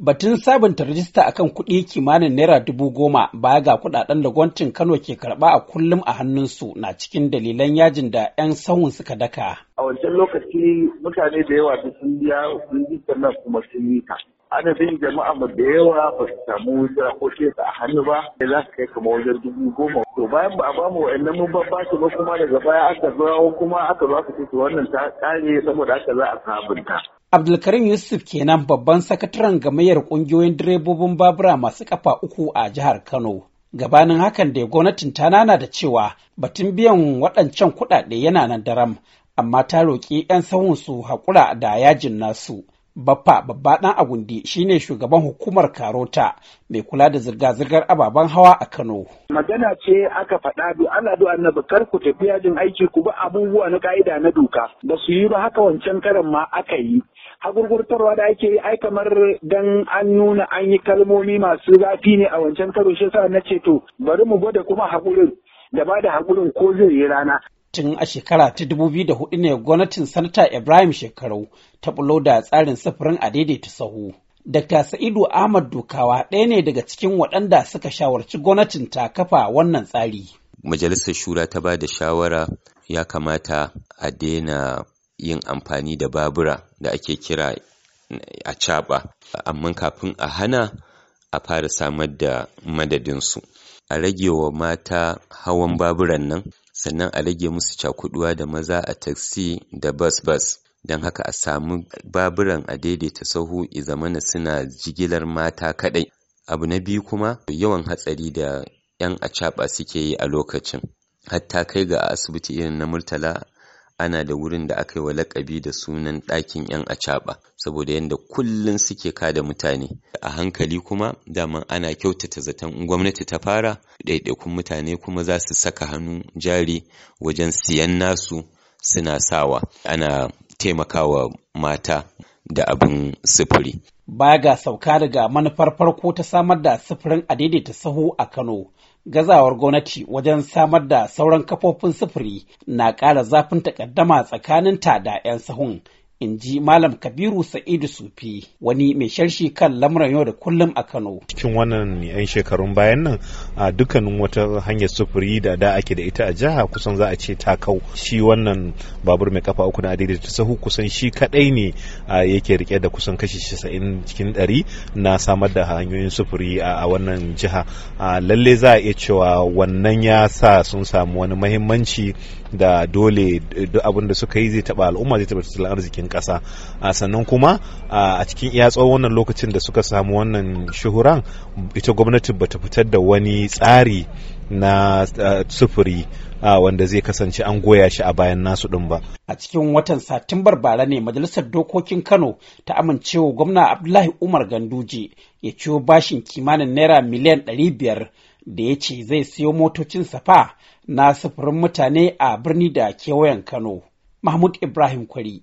Batun sabunta rajista akan kuɗi kimanin naira dubu goma baya ga kuɗaɗen da gwamnatin Kano ke karɓa a kullum a hannunsu na cikin dalilan yajin da 'yan sahun suka daka. A wancan lokaci mutane da yawa duk sun biya rajistar nan kuma sun yi ta. Ana bin jama'a mu da yawa ba su samu ko ta a hannu ba da za su kai kamar wajen dubu goma. To bayan ba a ba mu wa'annan mun ba ba kuma daga baya aka zo kuma aka zo aka ce wannan ta kare saboda aka za a sabunta. Abdulkarim Yusuf kenan babban sakataren gamayyar ƙungiyoyin direbobin babura masu kafa uku a jihar Kano. Gabanin hakan da gwamnatin ta nana da cewa batun biyan waɗancan kuɗaɗe yana nan daram, amma ta roƙi 'yan sahun su haƙura da yajin nasu. Baffa babba ɗan agundi shine shugaban hukumar Karota mai kula da zirga-zirgar ababen hawa a Kano. Magana ce aka faɗa du Allah du annabi kar ku tafi yajin aiki ku ba abubuwa na ka'ida na doka ba su yi ba haka wancan karan ma aka yi. hagurgurtarwa da ake yi ai kamar dan an nuna an yi kalmomi masu zafi ne a wancan karo shi yasa na ceto, bari mu gwada kuma haƙurin da ba da hakurin ko zai yi rana tun a shekara ta da hudu ne gwamnatin sanata ibrahim shekaru ta bulo da tsarin sufurin a daidaita sahu Dr. Sa'idu Ahmad Dukawa ɗaya ne daga cikin waɗanda suka shawarci gwamnatin ta kafa wannan tsari. Majalisar Shura ta ba da shawara ya kamata a daina yin amfani da babura da ake kira a caba amma kafin a hana a fara samar da madadinsu a rage wa mata hawan baburan nan sannan a rage musu cakuduwa da maza a taxi da bus-bus. don haka a samu baburan a daidaita sahu izamana suna jigilar mata kadai abu na biyu kuma yawan hatsari da 'yan acaɓa suke yi a lokacin hatta kai ga asibiti irin na murtala ana da wurin da aka yi wa lakabi da sunan ɗakin 'yan acaɓa saboda yadda kullum suke kada mutane a hankali kuma daman ana kyautata zaton gwamnati ta fara ɗaiɗaikun mutane kuma za su saka hannu jari wajen siyan nasu suna sawa ana taimakawa mata da abin sufuri baya ga sauka daga manufar farko ta samar da sufurin a daidaita saho a Kano. Gazawar gwamnati wajen samar da sauran kafofin sufuri na ƙara zafin takaddama tsakaninta da 'yan sahun in ji Malam Kabiru Sa'idu Sufi wani mai sharshi kan lamuran yau da kullum a Kano. Cikin wannan 'yan shekarun bayan nan a dukkanin wata hanyar sufuri da da ake da ita a jiha kusan za a ce ta kau shi wannan babur mai kafa uku na ta sahu kusan shi kadai ne yake rike da kusan kashi 90 cikin 100 na samar da hanyoyin sufuri a wannan jiha lalle za a iya cewa wannan ya sa sun samu wani mahimmanci da dole eh, abin da suka yi zai taba al'umma zai taba tattalin arzikin ƙasa sannan kuma a cikin iya tsawon wannan lokacin da suka samu wannan shuhuran ita gwamnati bata fitar da wani tsari na sufuri wanda zai kasance an goya shi a bayan nasu ɗin ba. A cikin watan Satumbar bara ne Majalisar Dokokin Kano ta amincewa gwamna Abdullahi Umar Ganduje ya ciwo bashin kimanin naira miliyan ɗari biyar da ya ce zai siyo motocin safa na sufurin mutane a birni da kewayen Kano. Mahmud Ibrahim Kwari,